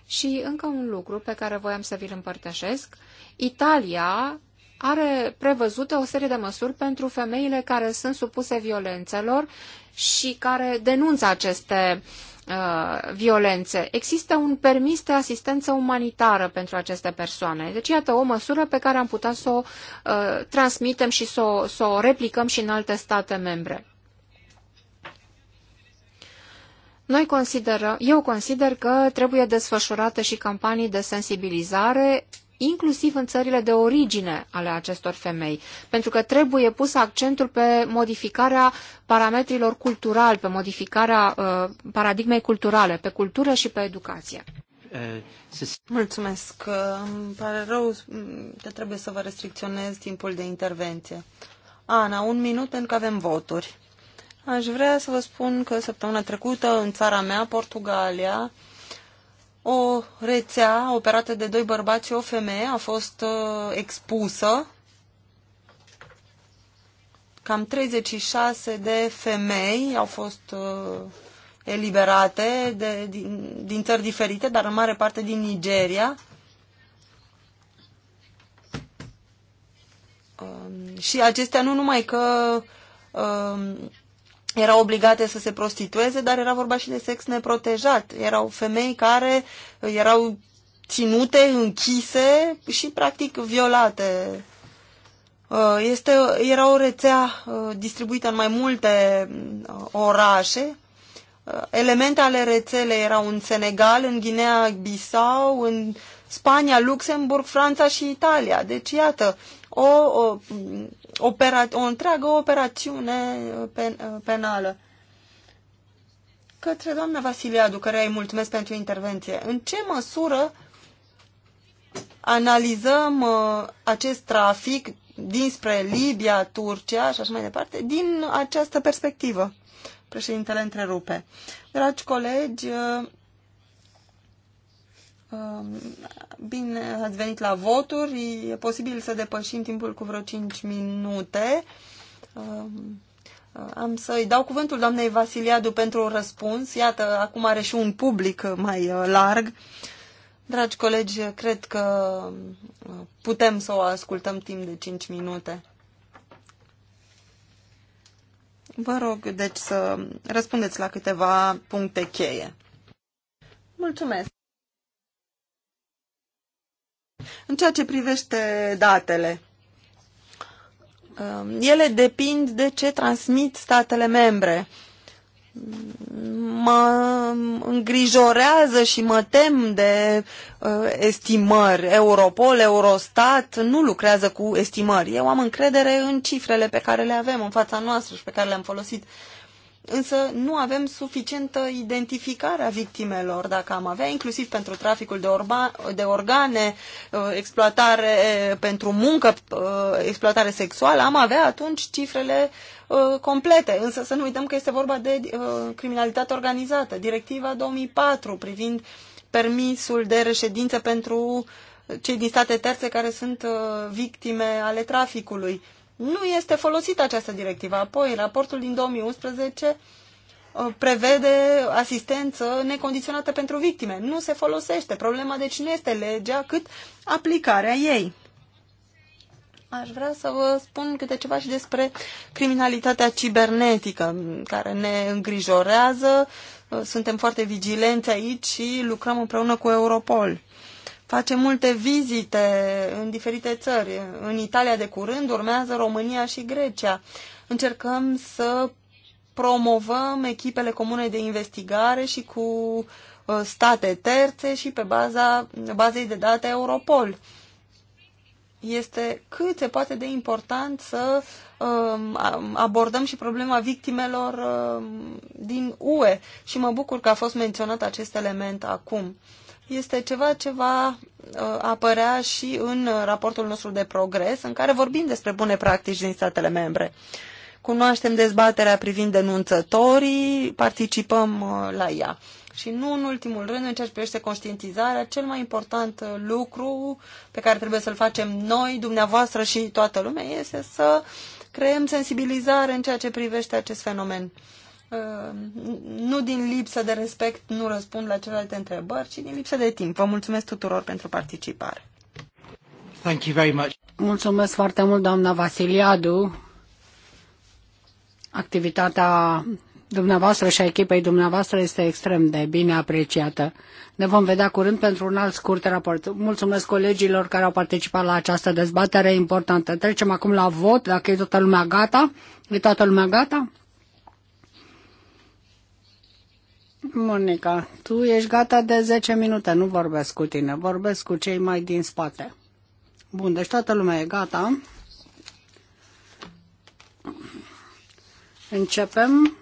Și încă un lucru pe care voiam să vi-l împărtășesc. Italia are prevăzute o serie de măsuri pentru femeile care sunt supuse violențelor și care denunță aceste uh, violențe. Există un permis de asistență umanitară pentru aceste persoane. Deci, iată, o măsură pe care am putea să o uh, transmitem și să o, să o replicăm și în alte state membre. Noi consideră, eu consider că trebuie desfășurate și campanii de sensibilizare inclusiv în țările de origine ale acestor femei, pentru că trebuie pus accentul pe modificarea parametrilor culturali, pe modificarea uh, paradigmei culturale, pe cultură și pe educație. Mulțumesc. Îmi pare rău că trebuie să vă restricționez timpul de intervenție. Ana, un minut pentru că avem voturi. Aș vrea să vă spun că săptămâna trecută în țara mea, Portugalia, o rețea operată de doi bărbați și o femeie a fost uh, expusă. Cam 36 de femei au fost uh, eliberate de, din, din țări diferite, dar în mare parte din Nigeria. Uh, și acestea nu numai că uh, erau obligate să se prostitueze, dar era vorba și de sex neprotejat. Erau femei care erau ținute, închise și practic violate. Uh, este, era o rețea uh, distribuită în mai multe uh, orașe. Elemente ale rețelei erau în Senegal, în Guinea-Bissau, în Spania, Luxemburg, Franța și Italia. Deci, iată, o, o opera- o întreagă operațiune uh, pen- uh, penală. Către doamna Vasiliadu, care îi mulțumesc pentru intervenție, în ce măsură analizăm uh, acest trafic dinspre Libia, Turcia și așa mai departe, din această perspectivă? Președintele întrerupe. Dragi colegi, uh, Um, bine ați venit la voturi. E posibil să depășim timpul cu vreo 5 minute. Um, am să-i dau cuvântul doamnei Vasiliadu pentru un răspuns. Iată, acum are și un public mai uh, larg. Dragi colegi, cred că uh, putem să o ascultăm timp de 5 minute. Vă rog, deci, să răspundeți la câteva puncte cheie. Mulțumesc! În ceea ce privește datele, um, ele depind de ce transmit statele membre. Mă îngrijorează și mă tem de uh, estimări. Europol, Eurostat nu lucrează cu estimări. Eu am încredere în cifrele pe care le avem în fața noastră și pe care le-am folosit uh, însă nu avem suficientă identificare a victimelor. Dacă am avea, inclusiv pentru traficul de, orba, de organe, uh, exploatare uh, pentru muncă, uh, exploatare sexuală, am avea atunci cifrele complete. Însă să nu uităm că este vorba de criminalitate organizată. Directiva 2004 privind permisul de reședință pentru cei din state terțe care sunt victime ale traficului nu este folosită această directivă. Apoi, raportul din 2011 uh, prevede asistență necondiționată pentru victime. Nu se folosește. Problema deci nu este legea, cât aplicarea ei. Aș vrea să vă spun câte ceva și despre criminalitatea cibernetică, care ne îngrijorează. Uh, suntem foarte vigilenți aici și lucrăm împreună cu Europol face multe vizite în diferite țări. În Italia de curând urmează România și Grecia. Încercăm să promovăm echipele comune de investigare și cu uh, state terțe și pe baza bazei de date Europol. Este cât se poate de important să um, abordăm și problema victimelor um, din UE și mă bucur că a fost menționat acest element acum este ceva ce va uh, apărea și în raportul nostru de progres, în care vorbim despre bune practici din statele membre. Cunoaștem dezbaterea privind denunțătorii, participăm uh, la ea. Și nu în ultimul rând, în ceea ce privește conștientizarea, cel mai important uh, lucru pe care trebuie să-l facem noi, dumneavoastră și toată lumea, este să creăm sensibilizare în ceea ce privește acest fenomen. Uh, nu din lipsă de respect nu răspund la celelalte întrebări, ci din lipsă de timp. Vă mulțumesc tuturor pentru participare. Thank you very much. Mulțumesc foarte mult, doamna Vasiliadu. Activitatea dumneavoastră și a echipei dumneavoastră este extrem de bine apreciată. Ne vom vedea curând pentru un alt scurt raport. Mulțumesc colegilor care au participat la această dezbatere importantă. Trecem acum la vot, dacă e toată lumea gata. E toată lumea gata? Monica, tu ești gata de 10 minute, nu vorbesc cu tine, vorbesc cu cei mai din spate. Bun, deci toată lumea e gata. Începem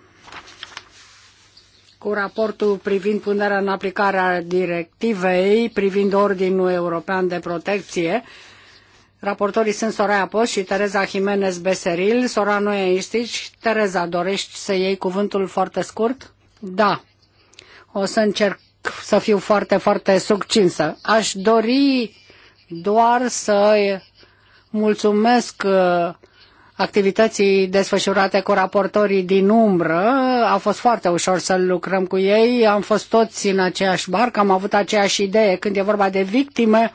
cu raportul privind punerea în aplicare a directivei privind Ordinul European de Protecție. Raportorii sunt Soraya Post și Tereza Jimenez Beseril. Sora nu e Tereza, dorești să iei cuvântul foarte scurt? Da. O să încerc să fiu foarte, foarte succinsă. Aș dori doar să mulțumesc uh, activității desfășurate cu raportorii din umbră. A fost foarte ușor să lucrăm cu ei. Am fost toți în aceeași barcă, am avut aceeași idee. Când e vorba de victime,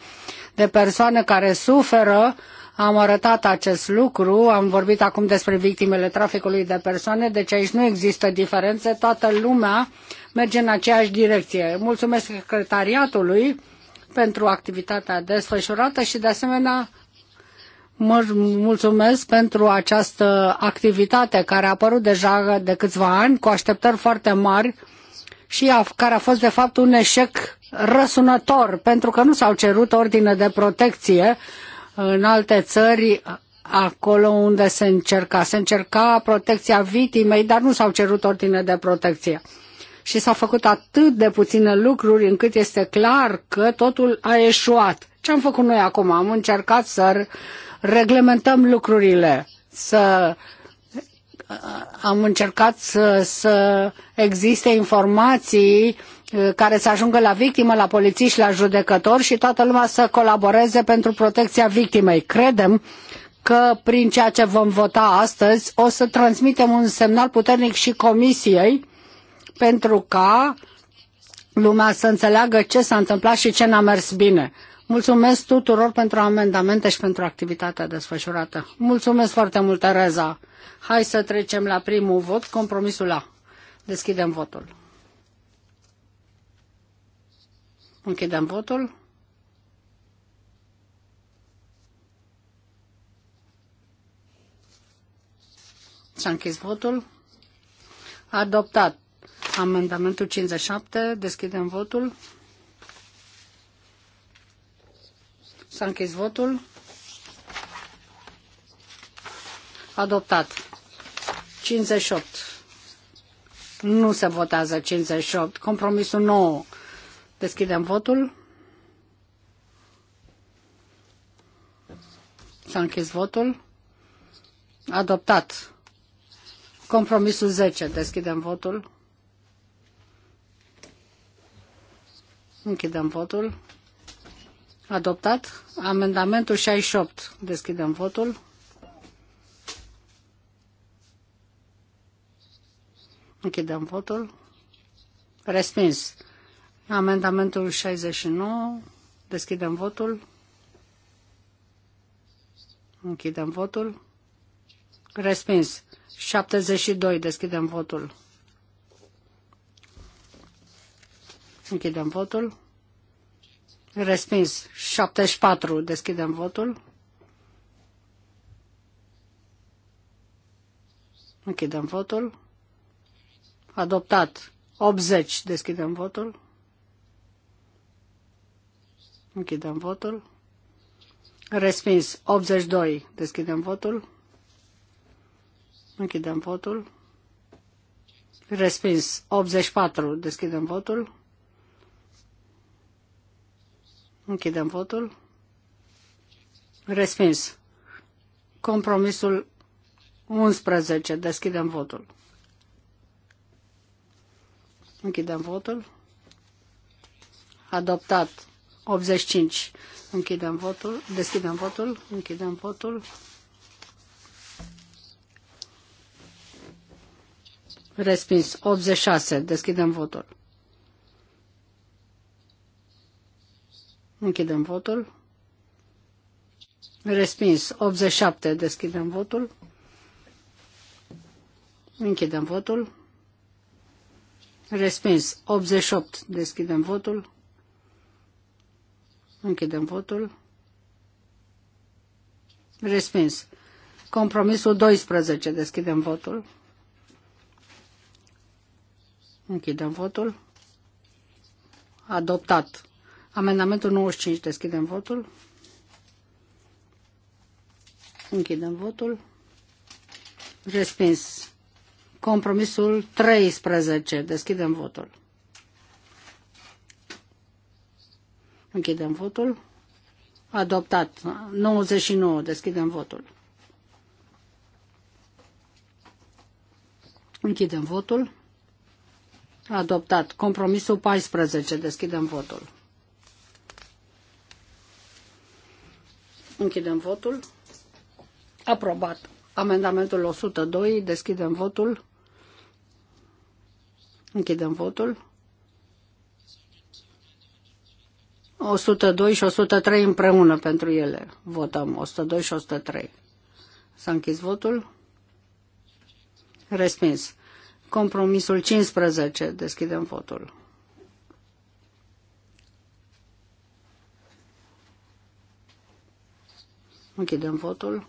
de persoane care suferă, uh, am arătat acest lucru, am vorbit acum despre victimele traficului de persoane, deci aici nu există diferențe, toată lumea merge în aceeași direcție. Mulțumesc secretariatului pentru activitatea desfășurată și de asemenea mă mulțumesc pentru această activitate care a apărut deja de câțiva ani cu așteptări foarte mari și a, care a fost de fapt un eșec răsunător pentru că nu s-au cerut ordine de protecție în alte țări acolo unde se încerca. Se încerca protecția victimei, dar nu s-au cerut ordine de protecție. Și s-au făcut atât de puține lucruri încât este clar că totul a eșuat. Ce am făcut noi acum? Am încercat să reglementăm lucrurile, să am încercat să, să existe informații uh, Eh, care să ajungă la victimă, la polițiști, la judecători și toată lumea să colaboreze pentru protecția victimei. Credem că prin ceea ce vom vota astăzi o să transmitem un semnal puternic și Comisiei pentru ca lumea să înțeleagă ce s-a întâmplat și ce n-a mers bine. Mulțumesc tuturor pentru amendamente și pentru activitatea desfășurată. Mulțumesc foarte mult, Tereza. Hai să trecem la primul vot, compromisul A. Deschidem votul. Închidem votul. S-a închis votul. Adoptat amendamentul 57. Deschidem votul. S-a închis votul. Adoptat. 58. Nu se votează 58. Compromisul 9. Deschidem votul. S-a închis votul. Adoptat. Compromisul 10. Deschidem votul. Închidem votul. Adoptat. Amendamentul 68. Deschidem votul. Închidem votul. Respins. Amendamentul 69. Deschidem votul. Închidem votul. Respins. 72. Deschidem votul. Închidem votul. Respins. 74. Deschidem votul. Închidem votul. Adoptat. 80. Deschidem votul. Închidem votul. Respins. 82. Deschidem votul. Închidem votul. Respins. 84. Deschidem votul. Închidem votul. Respins. Compromisul 11. Deschidem votul. Închidem votul. Adoptat 85. Închidem votul. Deschidem votul. Închidem votul. Respins. 86. Deschidem votul. Închidem votul. Respins. 87. Deschidem votul. Închidem votul. Respins. 88. Deschidem votul. Închidem votul. Respins. Compromisul 12. Deschidem votul. Închidem votul. Adoptat. Amendamentul 95. Deschidem votul. Închidem votul. Respins. Compromisul 13. Deschidem votul. Închidem votul. Adoptat. 99. Deschidem votul. Închidem votul. Adoptat. Compromisul 14. Deschidem votul. Închidem votul. Aprobat. Amendamentul 102. Deschidem votul. Închidem votul. 102 și 103 împreună pentru ele. Votăm 102 și 103. S-a închis votul? Respins. Compromisul 15. Deschidem votul. Închidem votul.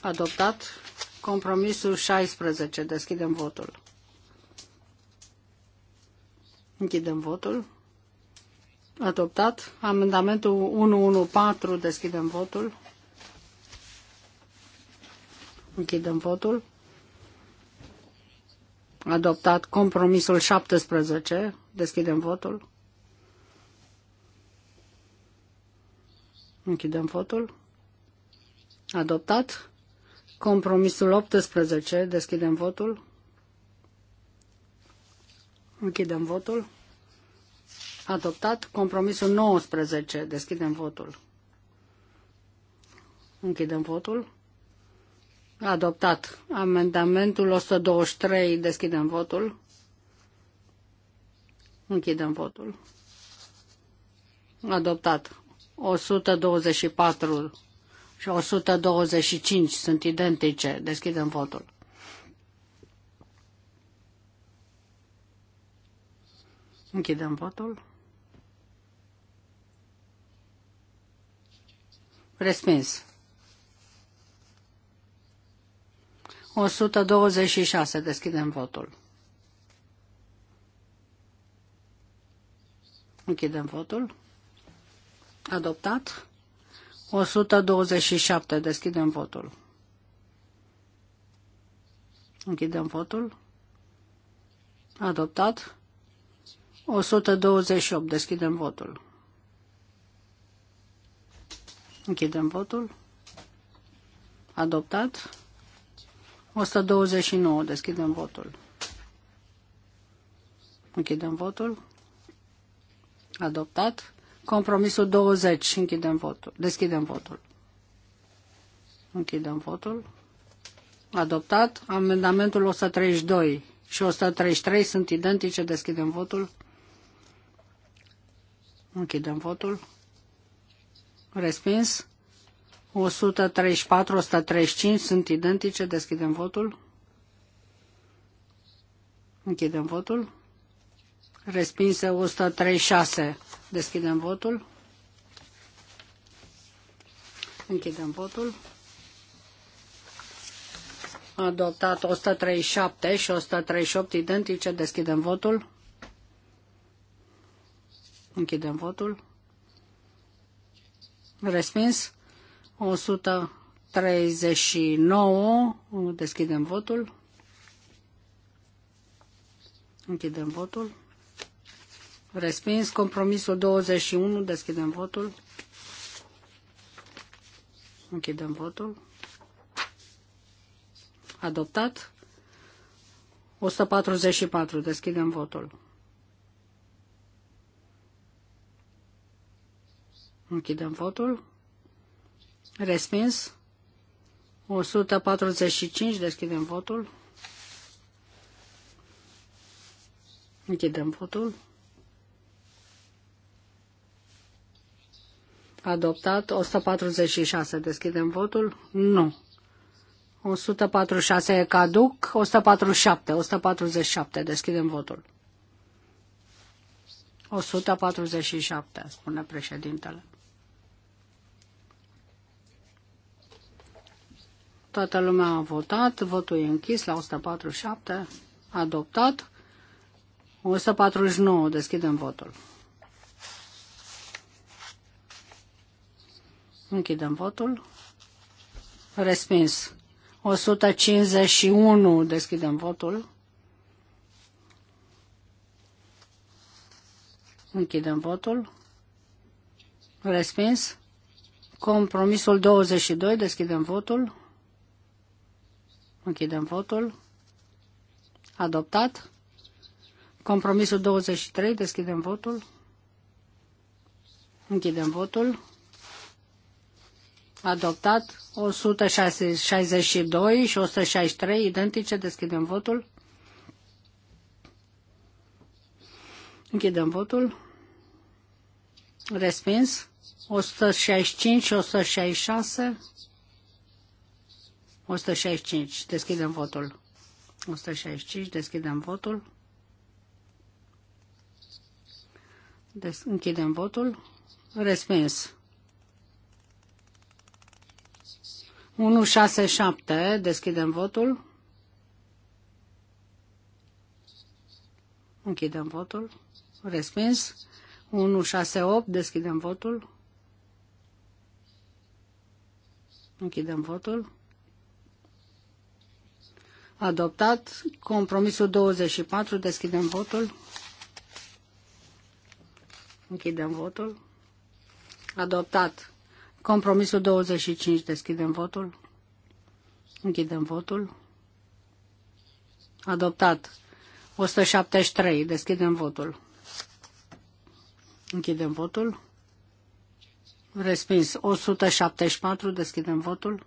Adoptat. Compromisul 16. Deschidem votul. Închidem votul. Adoptat. Amendamentul 114. Deschidem votul. Închidem votul. Adoptat compromisul 17. Deschidem votul. Închidem votul. Adoptat. Compromisul 18. Deschidem votul. Închidem votul. Adoptat. Compromisul 19. Deschidem votul. Închidem votul. Adoptat. Amendamentul 123. Deschidem votul. Închidem votul. Adoptat. 124 și 125 sunt identice. Deschidem votul. Închidem votul. Respins. 126. Deschidem votul. Închidem votul. Adoptat. 127. Deschidem votul. Închidem votul. Adoptat. 128. Deschidem votul. Închidem votul. Adoptat. 129. Deschidem votul. Închidem votul. Adoptat. Compromisul 20. Închidem votul. Deschidem votul. Închidem votul. Adoptat. Amendamentul 132 și 133 sunt identice. Deschidem votul. Închidem votul. Respins. 134, 135 sunt identice. Deschidem votul. Închidem votul. Respinse 136. Deschidem votul. Închidem votul. Adoptat 137 și 138 identice. Deschidem votul. Închidem votul. Respins. 139. Deschidem votul. Închidem votul. Respins. Compromisul 21. Deschidem votul. Închidem votul. Adoptat. 144. Deschidem votul. Închidem votul. Respins. 145. Deschidem votul. Închidem votul. Adoptat. 146. Deschidem votul. Nu. 146 e caduc. 147. 147. Deschidem votul. 147, spune președintele. Toată lumea a votat, votul e închis la 147, adoptat. 149, deschidem votul. Închidem votul. Respins. 151, deschidem votul. Închidem votul. Respins. Compromisul 22, deschidem votul. Închidem votul. Adoptat. Compromisul 23. Deschidem votul. Închidem votul. Adoptat. 162 și 163 identice. Deschidem votul. Închidem votul. Respins. 165 și 166. 165. Deschidem votul. 165. Deschidem votul. Des- închidem votul. Respins. 167. Deschidem votul. Închidem votul. Respins. 168. Deschidem votul. Închidem votul. Adoptat. Compromisul 24. Deschidem votul. Închidem votul. Adoptat. Compromisul 25. Deschidem votul. Închidem votul. Adoptat. 173. Deschidem votul. Închidem votul. Respins. 174. Deschidem votul.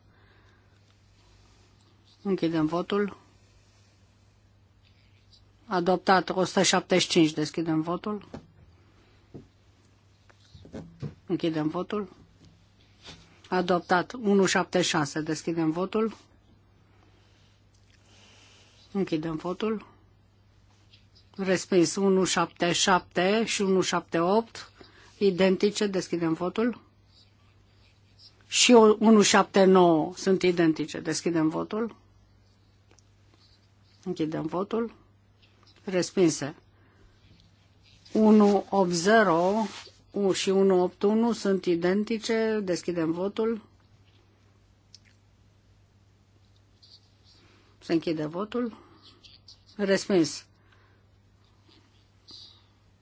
Închidem votul. Adoptat 175. Deschidem votul. Închidem votul. Adoptat 176. Deschidem votul. Închidem votul. Respins 177 și 178. Identice. Deschidem votul. Și 179 sunt identice. Deschidem votul. Închidem votul. Respinse. 180 și 181 sunt identice. Deschidem votul. Se închide votul. Respins.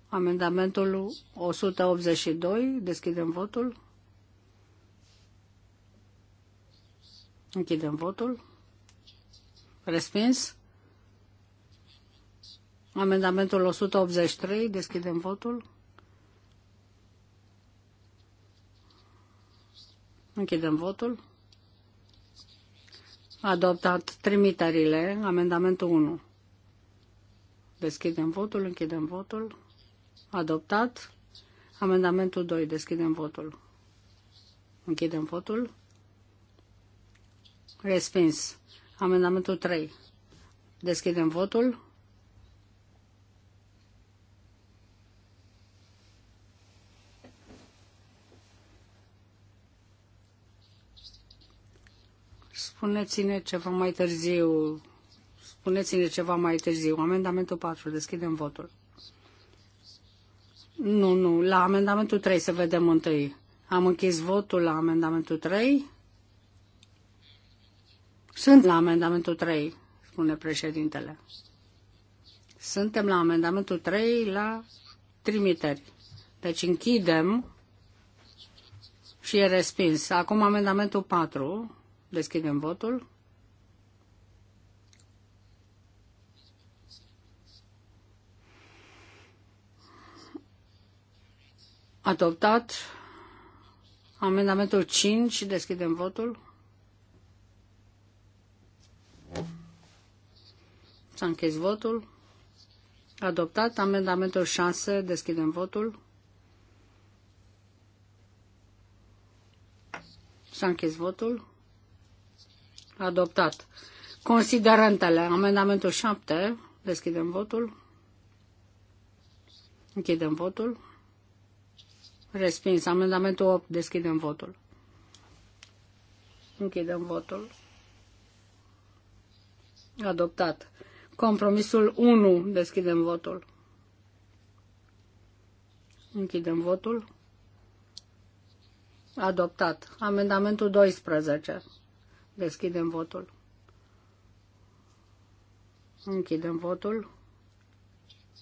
Amendamentul 182. Deschidem votul. Închidem votul. Respins. Amendamentul 183, deschidem votul. Închidem votul. Adoptat trimiterile, amendamentul 1. Deschidem votul, închidem votul. Adoptat. Amendamentul 2, deschidem votul. Închidem votul. Respins. Amendamentul 3. Deschidem votul. Spuneți-ne ceva mai târziu. Spuneți-ne ceva mai târziu. Amendamentul 4. Deschidem votul. Nu, nu. La amendamentul 3 să vedem întâi. Am închis votul la amendamentul 3. Sunt la amendamentul 3, spune președintele. Suntem la amendamentul 3 la trimiteri. Deci închidem și e respins. Acum amendamentul 4. Deschidem votul. Adoptat. Amendamentul 5. Deschidem votul. S-a închis votul. Adoptat. Amendamentul 6. Deschidem votul. S-a închis votul. Adoptat. Considerentele. Amendamentul 7. Deschidem votul. Închidem votul. Respins. Amendamentul 8. Deschidem votul. Închidem votul. Adoptat. Compromisul 1. Deschidem votul. Închidem votul. Adoptat. Amendamentul 12. Deschidem votul. Închidem votul.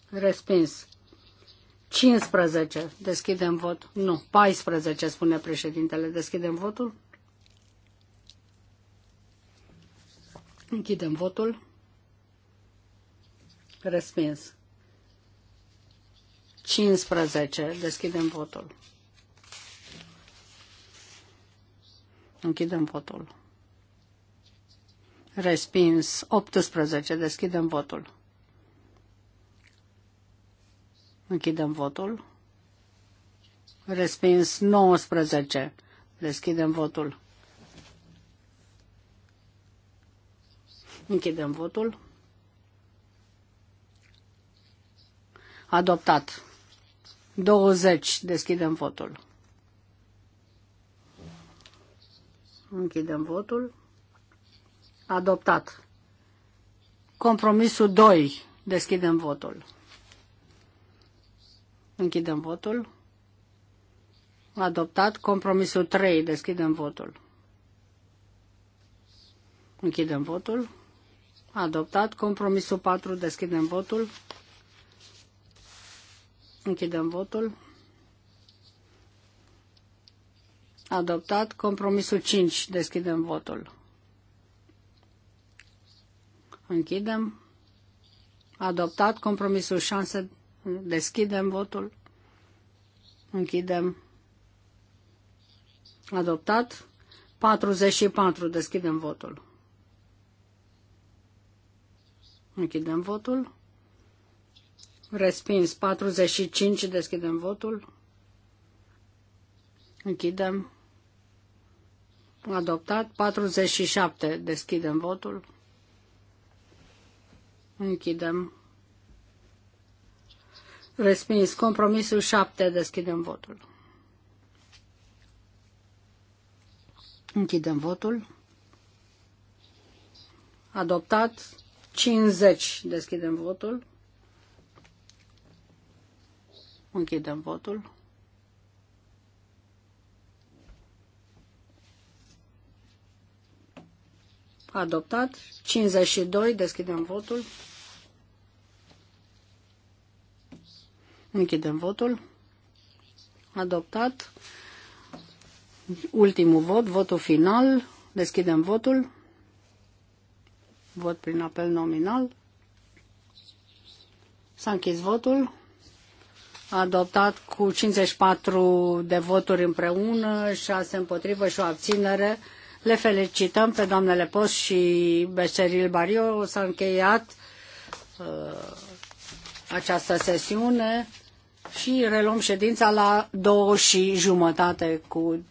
Respins. 15. Deschidem vot. Nu, 14, spune președintele. Deschidem votul. Închidem votul. Respins. 15. Deschidem votul. Închidem votul. Respins 18. Deschidem votul. Închidem votul. Respins 19. Deschidem votul. Închidem votul. Adoptat. 20. Deschidem votul. Închidem votul. Adoptat. Compromisul 2. Deschidem votul. Închidem votul. Adoptat. Compromisul 3. Deschidem votul. Închidem votul. Adoptat. Compromisul 4. Deschidem votul. Închidem votul. Adoptat. Compromisul 5. Deschidem votul. Închidem. Adoptat compromisul șanse, Deschidem votul. Închidem. Adoptat. 44. Deschidem votul. Închidem votul. Respins 45. Deschidem votul. Închidem. Adoptat 47. Deschidem votul. Închidem. Respins. Compromisul 7. Deschidem votul. Închidem votul. Adoptat. 50. Deschidem votul. Închidem votul. adoptat. 52, deschidem votul. Închidem votul. Adoptat. Ultimul vot, votul final. Deschidem votul. Vot prin apel nominal. S-a închis votul. Adoptat cu 54 de voturi împreună, 6 împotrivă și o abținere. Le felicităm pe doamnele Post și Beseril Bario. S-a încheiat uh, această sesiune și reluăm ședința la două și jumătate cu